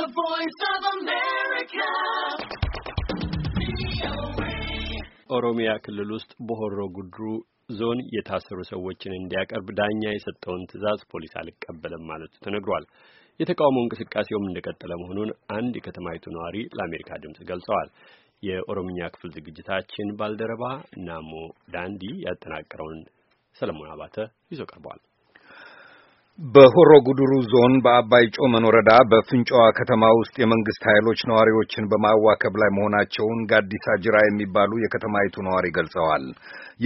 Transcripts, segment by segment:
The Voice of America. ኦሮሚያ ክልል ውስጥ በሆሮ ጉድሩ ዞን የታሰሩ ሰዎችን እንዲያቀርብ ዳኛ የሰጠውን ትዕዛዝ ፖሊስ አልቀበልም ማለቱ ተነግሯል። የተቃውሞ እንቅስቃሴውም እንደቀጠለ መሆኑን አንድ የከተማይቱ ነዋሪ ለአሜሪካ ድምጽ ገልጸዋል። የኦሮምኛ ክፍል ዝግጅታችን ባልደረባ ናሞ ዳንዲ ያጠናቀረውን ሰለሞን አባተ ይዞ ቀርበዋል። በሆሮ ጉድሩ ዞን በአባይ ጮመን ወረዳ በፍንጫዋ ከተማ ውስጥ የመንግስት ኃይሎች ነዋሪዎችን በማዋከብ ላይ መሆናቸውን ጋዲሳ ጅራ የሚባሉ የከተማይቱ ነዋሪ ገልጸዋል።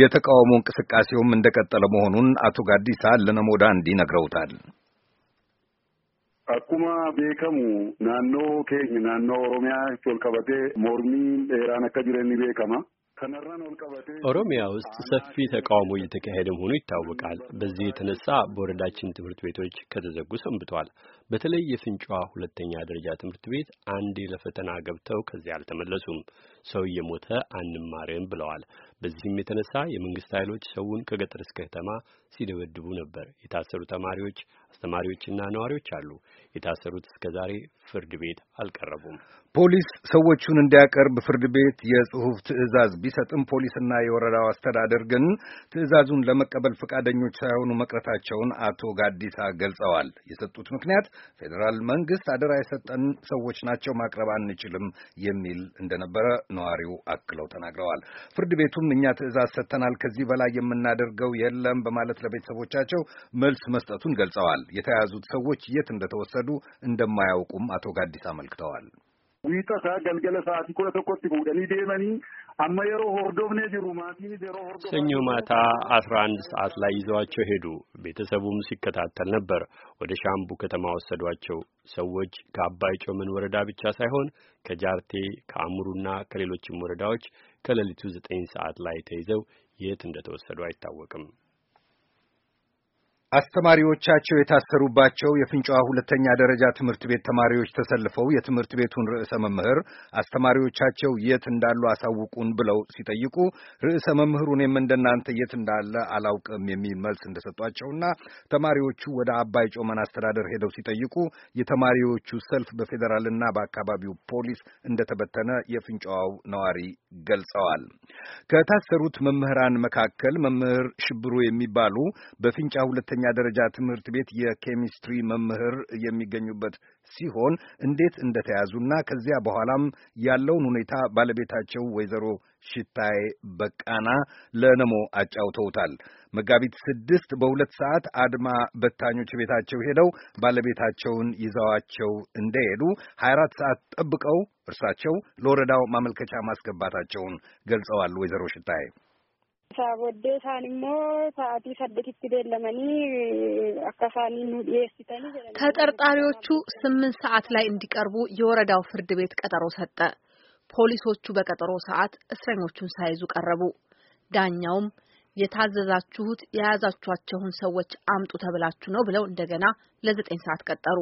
የተቃውሞ እንቅስቃሴውም እንደቀጠለ መሆኑን አቶ ጋዲሳ ለነሞዳ እንዲህ ነግረውታል። naannoo keenya naannoo oromiyaa ናኖ ኦሮሚያ ቾልቀበቴ ሞርሚን ራን አካ ጅረኒ beekama ኦሮሚያ ውስጥ ሰፊ ተቃውሞ እየተካሄደ መሆኑ ይታወቃል። በዚህ የተነሳ በወረዳችን ትምህርት ቤቶች ከተዘጉ ሰንብቷል። በተለይ የፍንጫዋ ሁለተኛ ደረጃ ትምህርት ቤት አንዴ ለፈተና ገብተው ከዚያ አልተመለሱም። ሰው እየሞተ አንማርም ብለዋል። በዚህም የተነሳ የመንግስት ኃይሎች ሰውን ከገጠር እስከ ከተማ ሲደበድቡ ነበር። የታሰሩ ተማሪዎች፣ አስተማሪዎችና ነዋሪዎች አሉ። የታሰሩት እስከ ዛሬ ፍርድ ቤት አልቀረቡም። ፖሊስ ሰዎቹን እንዲያቀርብ ፍርድ ቤት የጽሁፍ ትዕዛዝ ቢሰጥም ፖሊስና የወረዳው አስተዳደር ግን ትዕዛዙን ለመቀበል ፈቃደኞች ሳይሆኑ መቅረታቸውን አቶ ጋዲሳ ገልጸዋል። የሰጡት ምክንያት ፌዴራል መንግስት አደራ የሰጠን ሰዎች ናቸው ማቅረብ አንችልም የሚል እንደነበረ ነዋሪው አክለው ተናግረዋል። ፍርድ ቤቱም እኛ ትዕዛዝ ሰጥተናል፣ ከዚህ በላይ የምናደርገው የለም በማለት ለቤተሰቦቻቸው መልስ መስጠቱን ገልጸዋል። የተያዙት ሰዎች የት እንደተወሰዱ እንደማያውቁም አቶ ጋዲስ አመልክተዋል። ሰኞ ማታ አስራ አንድ ሰዓት ላይ ይዘዋቸው ሄዱ። ቤተሰቡም ሲከታተል ነበር። ወደ ሻምቡ ከተማ ወሰዷቸው። ሰዎች ከአባይ ጮመን ወረዳ ብቻ ሳይሆን ከጃርቴ ከአሙሩና ከሌሎችም ወረዳዎች ከሌሊቱ ዘጠኝ ሰዓት ላይ ተይዘው የት እንደተወሰዱ አይታወቅም። አስተማሪዎቻቸው የታሰሩባቸው የፍንጫዋ ሁለተኛ ደረጃ ትምህርት ቤት ተማሪዎች ተሰልፈው የትምህርት ቤቱን ርዕሰ መምህር አስተማሪዎቻቸው የት እንዳሉ አሳውቁን ብለው ሲጠይቁ ርዕሰ መምህሩ እኔም እንደናንተ የት እንዳለ አላውቅም የሚል መልስ እንደሰጧቸውና ተማሪዎቹ ወደ አባይ ጮመን አስተዳደር ሄደው ሲጠይቁ የተማሪዎቹ ሰልፍ በፌዴራልና በአካባቢው ፖሊስ እንደተበተነ የፍንጫዋው ነዋሪ ገልጸዋል። ከታሰሩት መምህራን መካከል መምህር ሽብሩ የሚባሉ በፍንጫ ሁለተኛ የሁለተኛ ደረጃ ትምህርት ቤት የኬሚስትሪ መምህር የሚገኙበት ሲሆን እንዴት እንደተያዙና ከዚያ በኋላም ያለውን ሁኔታ ባለቤታቸው ወይዘሮ ሽታዬ በቃና ለነሞ አጫውተውታል። መጋቢት ስድስት በሁለት ሰዓት አድማ በታኞች ቤታቸው ሄደው ባለቤታቸውን ይዘዋቸው እንደሄዱ ሀያ አራት ሰዓት ጠብቀው እርሳቸው ለወረዳው ማመልከቻ ማስገባታቸውን ገልጸዋል ወይዘሮ ሽታዬ ተጠርጣሪዎቹ ስምንት ሰዓት ላይ እንዲቀርቡ የወረዳው ፍርድ ቤት ቀጠሮ ሰጠ። ፖሊሶቹ በቀጠሮ ሰዓት እስረኞቹን ሳይዙ ቀረቡ። ዳኛውም የታዘዛችሁት የያዛችኋቸውን ሰዎች አምጡ ተብላችሁ ነው ብለው እንደገና ለዘጠኝ ሰዓት ቀጠሩ።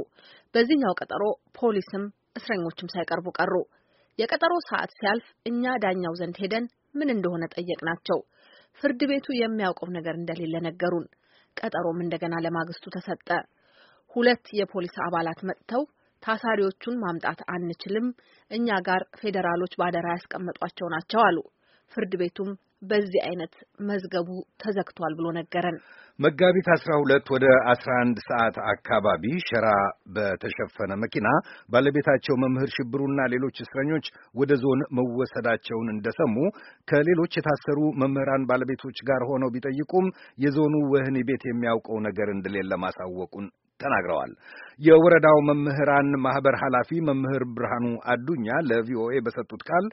በዚህኛው ቀጠሮ ፖሊስም እስረኞችም ሳይቀርቡ ቀሩ። የቀጠሮ ሰዓት ሲያልፍ እኛ ዳኛው ዘንድ ሄደን ምን እንደሆነ ጠየቅናቸው። ፍርድ ቤቱ የሚያውቀው ነገር እንደሌለ ነገሩን። ቀጠሮም እንደገና ለማግስቱ ተሰጠ። ሁለት የፖሊስ አባላት መጥተው ታሳሪዎቹን ማምጣት አንችልም፣ እኛ ጋር ፌዴራሎች ባደራ ያስቀመጧቸው ናቸው አሉ። ፍርድ ቤቱም በዚህ አይነት መዝገቡ ተዘግቷል ብሎ ነገረን። መጋቢት 12 ወደ 11 ሰዓት አካባቢ ሸራ በተሸፈነ መኪና ባለቤታቸው መምህር ሽብሩና ሌሎች እስረኞች ወደ ዞን መወሰዳቸውን እንደሰሙ ከሌሎች የታሰሩ መምህራን ባለቤቶች ጋር ሆነው ቢጠይቁም የዞኑ ወህኒ ቤት የሚያውቀው ነገር እንደሌለ ማሳወቁን ተናግረዋል። የወረዳው መምህራን ማህበር ኃላፊ መምህር ብርሃኑ አዱኛ ለቪኦኤ በሰጡት ቃል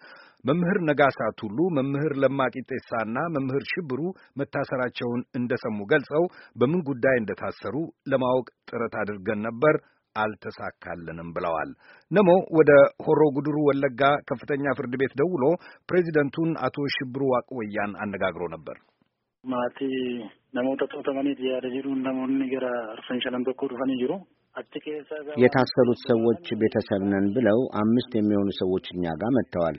መምህር ነጋሳት ሁሉ፣ መምህር ለማቂ ቂጤሳና መምህር ሽብሩ መታሰራቸውን እንደሰሙ ገልጸው በምን ጉዳይ እንደታሰሩ ለማወቅ ጥረት አድርገን ነበር አልተሳካልንም ብለዋል። ነሞ ወደ ሆሮ ጉድሩ ወለጋ ከፍተኛ ፍርድ ቤት ደውሎ ፕሬዚደንቱን አቶ ሽብሩ ዋቅወያን አነጋግሮ ነበር። ማቲ namoota tootamaniif yaada jedhuun namoonni gara arfan shanan tokko dhufanii jiru. የታሰሩት ሰዎች ቤተሰብ ነን ብለው አምስት የሚሆኑ ሰዎች እኛ ጋር መጥተዋል።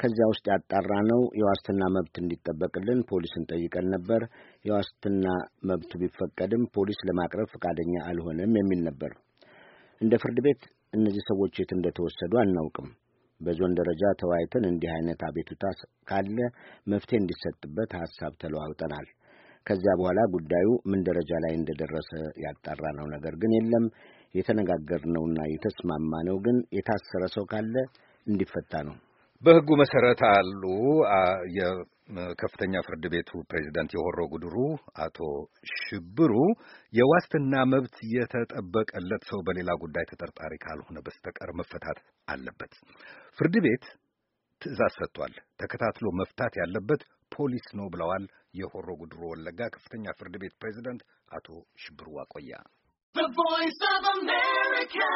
ከዚያ ውስጥ ያጣራ ነው የዋስትና መብት እንዲጠበቅልን ፖሊስን ጠይቀን ነበር። የዋስትና መብቱ ቢፈቀድም ፖሊስ ለማቅረብ ፈቃደኛ አልሆነም የሚል ነበር። እንደ ፍርድ ቤት እነዚህ ሰዎች የት እንደተወሰዱ አናውቅም። በዞን ደረጃ ተወያይተን እንዲህ አይነት አቤቱታ ካለ መፍትሄ እንዲሰጥበት ሀሳብ ተለዋውጠናል። ከዚያ በኋላ ጉዳዩ ምን ደረጃ ላይ እንደደረሰ ያጣራ ነው ነገር ግን የለም። የተነጋገርነውና ነው ግን የታሰረ ሰው ካለ እንዲፈታ ነው። በህጉ መሰረት አሉ የከፍተኛ ፍርድ ቤቱ ፕሬዚዳንት የሆሮ ጉድሩ አቶ ሽብሩ የዋስትና መብት የተጠበቀለት ሰው በሌላ ጉዳይ ተጠርጣሪ ካልሆነ በስተቀር መፈታት አለበት። ፍርድ ቤት ትዕዛዝ ሰጥቷል። ተከታትሎ መፍታት ያለበት ፖሊስ ነው ብለዋል የሆሮ ጉድሮ ወለጋ ከፍተኛ ፍርድ ቤት ፕሬዝደንት አቶ ሽብሩ ዋቆያ። The Voice of America.